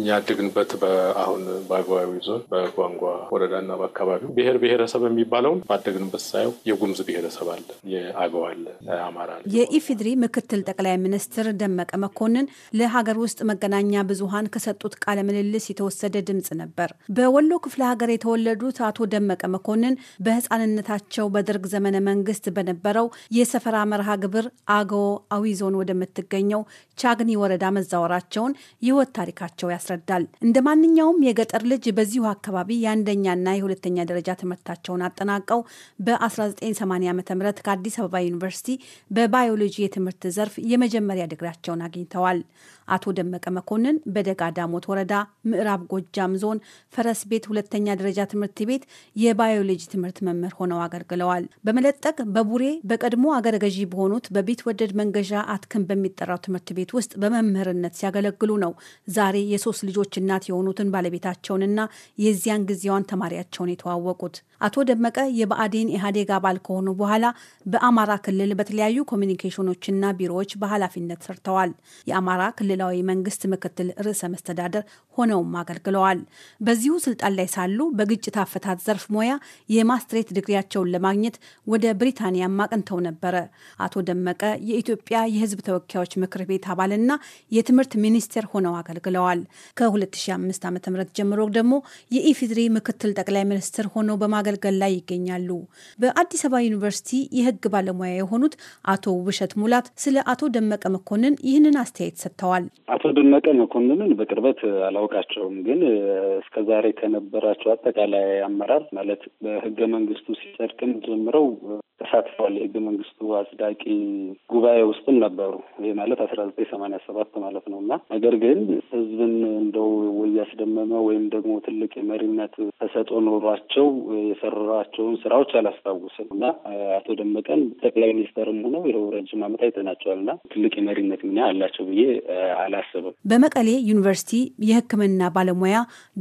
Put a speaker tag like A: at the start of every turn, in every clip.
A: እኛ ያደግንበት በአሁን በአገባዊ ዞን በጓንጓ ወረዳና በአካባቢው ብሔር ብሔረሰብ የሚባለውን ባደግንበት ሳየው የጉሙዝ ብሔረሰብ አለ፣ የአገው አለ፣ አማራ አለ።
B: ምክትል ጠቅላይ ሚኒስትር ደመቀ መኮንን ለሀገር ውስጥ መገናኛ ብዙሀን ከሰጡት ቃለ ምልልስ የተወሰደ ድምፅ ነበር። በወሎ ክፍለ ሀገር የተወለዱት አቶ ደመቀ መኮንን በህፃንነታቸው በደርግ ዘመነ መንግስት በነበረው የሰፈራ መርሃ ግብር አገው አዊ ዞን ወደምትገኘው ቻግኒ ወረዳ መዛወራቸውን የህይወት ታሪካቸው ያስረዳል። እንደ ማንኛውም የገጠር ልጅ በዚሁ አካባቢ የአንደኛና የሁለተኛ ደረጃ ትምህርታቸውን አጠናቀው በ1980 ዓ ም ከአዲስ አበባ ዩኒቨርሲቲ በባዮሎጂ የትምህርት ዘርፍ የመጀመሪያ ድግሪያቸውን አግኝተዋል። አቶ ደመቀ መኮንን በደጋ ዳሞት ወረዳ ምዕራብ ጎጃም ዞን ፈረስ ቤት ሁለተኛ ደረጃ ትምህርት ቤት የባዮሎጂ ትምህርት መምህር ሆነው አገልግለዋል። በመለጠቅ በቡሬ በቀድሞ አገረ ገዢ በሆኑት ወደድ መንገዣ አትክም በሚጠራው ትምህርት ቤት ውስጥ በመምህርነት ሲያገለግሉ ነው ዛሬ የሶስት ልጆች እናት የሆኑትን ባለቤታቸውንና የዚያን ጊዜዋን ተማሪያቸውን የተዋወቁት። አቶ ደመቀ የብአዴን ኢህአዴግ አባል ከሆኑ በኋላ በአማራ ክልል በተለያዩ ኮሚኒኬሽኖችና ቢሮዎች በኃላፊነት ሰርተዋል። የአማራ ክልላዊ መንግስት ምክትል ርዕሰ መስተዳደር ሆነውም አገልግለዋል። በዚሁ ስልጣን ላይ ሳሉ በግጭት አፈታት ዘርፍ ሙያ የማስትሬት ድግሪያቸውን ለማግኘት ወደ ብሪታንያም አቅንተው ነበረ። አቶ ደመቀ የኢትዮጵያ የሕዝብ ተወካዮች ምክር ቤት አባልና የትምህርት ሚኒስቴር ሆነው አገልግለዋል። ከ2005 ዓ.ም ጀምሮ ደግሞ የኢፌዴሪ ምክትል ጠቅላይ ሚኒስትር ሆነው በማገልገል ላይ ይገኛሉ። በአዲስ አበባ ዩኒቨርሲቲ የህግ ባለሙያ የሆኑት አቶ ውብሸት ሙላት ስለ አቶ ደመቀ መኮንን ይህንን አስተያየት ሰጥተዋል።
C: አቶ ደመቀ መኮንንን በቅርበት አላውቃቸውም። ግን እስከ ዛሬ ከነበራቸው አጠቃላይ አመራር ማለት በህገ መንግስቱ ሲጸድቅም ጀምረው ተሳትፈዋል። የህገ መንግስቱ አጽዳቂ ጉባኤ ውስጥም ነበሩ። ይህ ማለት አስራ ዘጠኝ ሰማንያ ሰባት ማለት ነው እና ነገር ግን ህዝብን እንደው ወይ ያስደመመ ወይም ደግሞ ትልቅ የመሪነት ተሰጦ ኖሯቸው የሰራቸውን ስራዎች አላስታውስም እና አቶ ደመቀን ጠቅላይ ሚኒስተርም ሆነው ይኸው ረጅም አመት አይተናቸዋል እና ትልቅ የመሪነት ሚና አላቸው ብዬ አላስብም።
B: በመቀሌ ዩኒቨርሲቲ የህክምና ባለሙያ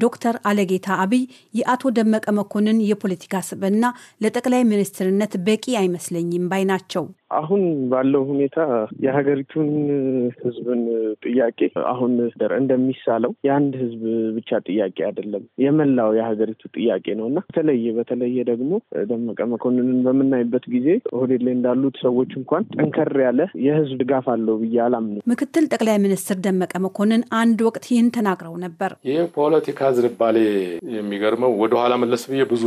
B: ዶክተር አለጌታ አብይ የአቶ ደመቀ መኮንን የፖለቲካ ስብዕና ለጠቅላይ ሚኒስትርነት በቂ አይመስለኝም ባይ ናቸው።
C: አሁን ባለው ሁኔታ የሀገሪቱን ህዝብን ጥያቄ አሁን እንደሚሳለው የአንድ ህዝብ ብቻ ጥያቄ አይደለም፣ የመላው የሀገሪቱ ጥያቄ ነው እና በተለየ በተለየ ደግሞ ደመቀ መኮንንን በምናይበት ጊዜ ኦህዴድ ላይ እንዳሉት ሰዎች እንኳን ጠንከር ያለ የህዝብ ድጋፍ አለው ብዬ አላምንም።
B: ምክትል ጠቅላይ ሚኒስትር ደመቀ መኮንን አንድ ወቅት ይህን ተናግረው ነበር።
A: ይህ ፖለቲካ ዝንባሌ የሚገርመው ወደኋላ መለስ ብዬ ብዙ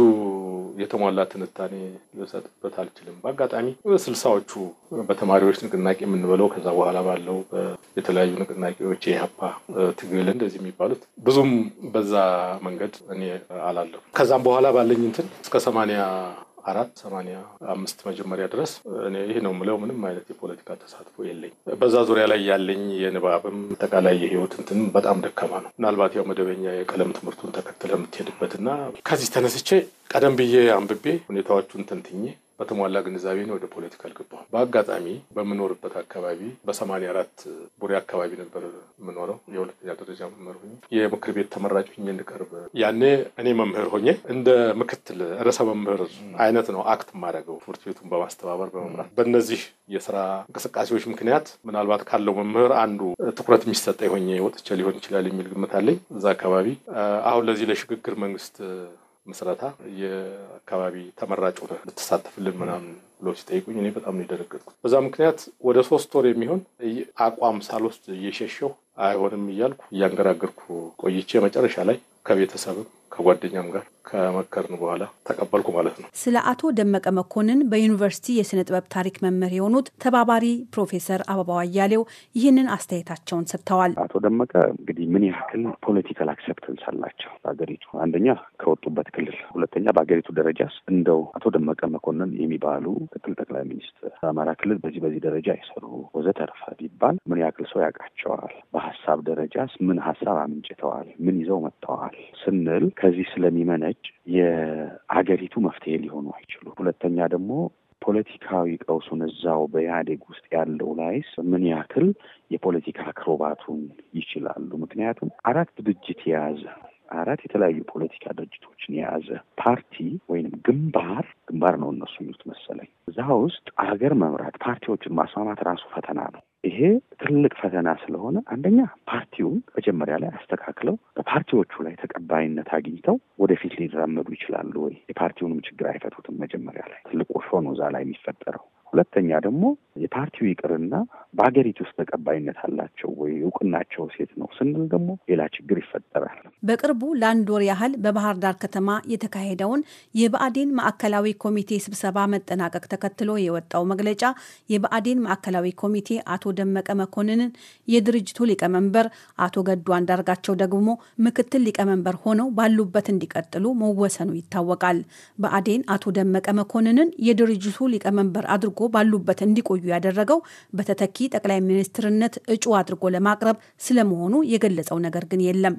A: የተሟላ ትንታኔ ልሰጥበት አልችልም። በአጋጣሚ በስልሳዎቹ በተማሪዎች ንቅናቄ የምንበለው ከዛ በኋላ ባለው የተለያዩ ንቅናቄዎች የኢህአፓ ትግል እንደዚህ የሚባሉት ብዙም በዛ መንገድ እኔ አላለሁ። ከዛም በኋላ ባለኝ እንትን እስከ ሰማንያ አራት ሰማንያ አምስት መጀመሪያ ድረስ እኔ ይህ ነው የምለው ምንም አይነት የፖለቲካ ተሳትፎ የለኝ። በዛ ዙሪያ ላይ ያለኝ የንባብም አጠቃላይ የህይወት እንትን በጣም ደካማ ነው። ምናልባት ያው መደበኛ የቀለም ትምህርቱን ተከትለ የምትሄድበት እና ከዚህ ተነስቼ ቀደም ብዬ አንብቤ ሁኔታዎቹን ተንትኜ በተሟላ ግንዛቤ ነው ወደ ፖለቲካ አልገባሁ። በአጋጣሚ በምኖርበት አካባቢ በሰማንያ አራት ቡሬ አካባቢ ነበር የምኖረው። የሁለተኛ ደረጃ መምህር ሆኜ የምክር ቤት ተመራጭ ሆኜ እንድቀርብ ያኔ እኔ መምህር ሆኜ እንደ ምክትል ርዕሰ መምህር አይነት ነው አክት የማደርገው ትምህርት ቤቱን በማስተባበር በመምራት። በእነዚህ የስራ እንቅስቃሴዎች ምክንያት ምናልባት ካለው መምህር አንዱ ትኩረት የሚሰጠ ሆኜ ወጥቼ ሊሆን ይችላል የሚል ግምት አለኝ። እዛ አካባቢ አሁን ለዚህ ለሽግግር መንግስት ምስረታ የአካባቢ ተመራጭ ሆነ ልትሳተፍልን ምናምን ብሎ ሲጠይቁኝ እኔ በጣም ነው የደነገጥኩት። በዛ ምክንያት ወደ ሶስት ወር የሚሆን አቋም ሳልወስድ እየሸሸሁ አይሆንም እያልኩ እያንገራገርኩ ቆይቼ መጨረሻ ላይ ከቤተሰብም ከጓደኛም ጋር ከመከርን በኋላ ተቀበልኩ ማለት ነው።
B: ስለ አቶ ደመቀ መኮንን በዩኒቨርሲቲ የስነ ጥበብ ታሪክ መምህር የሆኑት ተባባሪ ፕሮፌሰር አበባው አያሌው ይህንን አስተያየታቸውን ሰጥተዋል።
C: አቶ ደመቀ እንግዲህ ምን ያክል ፖለቲካል አክሰፕተንስ አላቸው በሀገሪቱ አንደኛ ከወጡበት ክልል፣ ሁለተኛ በሀገሪቱ ደረጃስ እንደው አቶ ደመቀ መኮንን የሚባሉ ምክትል ጠቅላይ ሚኒስትር በአማራ ክልል በዚህ በዚህ ደረጃ የሰሩ ወዘተረፈ ቢባል ምን ያክል ሰው ያውቃቸዋል? በሀሳብ ደረጃስ ምን ሀሳብ አምንጭተዋል? ምን ይዘው መጥተዋል ስንል ከዚህ ስለሚመነጭ የሀገሪቱ መፍትሄ ሊሆኑ አይችሉ። ሁለተኛ ደግሞ ፖለቲካዊ ቀውሱን እዛው በኢህአዴግ ውስጥ ያለው ላይስ ምን ያክል የፖለቲካ አክሮባቱን ይችላሉ? ምክንያቱም አራት ድርጅት የያዘ አራት የተለያዩ ፖለቲካ ድርጅቶችን የያዘ ፓርቲ ወይም ግንባር ግንባር ነው እነሱ የሚሉት መሰለኝ። እዛ ውስጥ ሀገር መምራት ፓርቲዎችን ማስማማት ራሱ ፈተና ነው። ይሄ ትልቅ ፈተና ስለሆነ አንደኛ ፓርቲውን መጀመሪያ ላይ አስተካክለው በፓርቲዎቹ ላይ ተቀባይነት አግኝተው ወደፊት ሊራመዱ ይችላሉ ወይ? የፓርቲውንም ችግር አይፈቱትም። መጀመሪያ ላይ ትልቁ ሾኖ እዛ ላይ የሚፈጠረው ሁለተኛ ደግሞ የፓርቲው ይቅርና በሀገሪቱ ውስጥ ተቀባይነት አላቸው ወይ እውቅናቸው ሴት ነው ስንል ደግሞ ሌላ ችግር ይፈጠራል።
B: በቅርቡ ለአንድ ወር ያህል በባህር ዳር ከተማ የተካሄደውን የብአዴን ማዕከላዊ ኮሚቴ ስብሰባ መጠናቀቅ ተከትሎ የወጣው መግለጫ የብአዴን ማዕከላዊ ኮሚቴ አቶ ደመቀ መኮንንን የድርጅቱ ሊቀመንበር፣ አቶ ገዱ አንዳርጋቸው ደግሞ ምክትል ሊቀመንበር ሆነው ባሉበት እንዲቀጥሉ መወሰኑ ይታወቃል። ብአዴን አቶ ደመቀ መኮንንን የድርጅቱ ሊቀመንበር አድርጎ ባሉበት እንዲቆዩ ያደረገው በተተኪ ጠቅላይ ሚኒስትርነት እጩ አድርጎ ለማቅረብ ስለመሆኑ የገለጸው ነገር ግን የለም።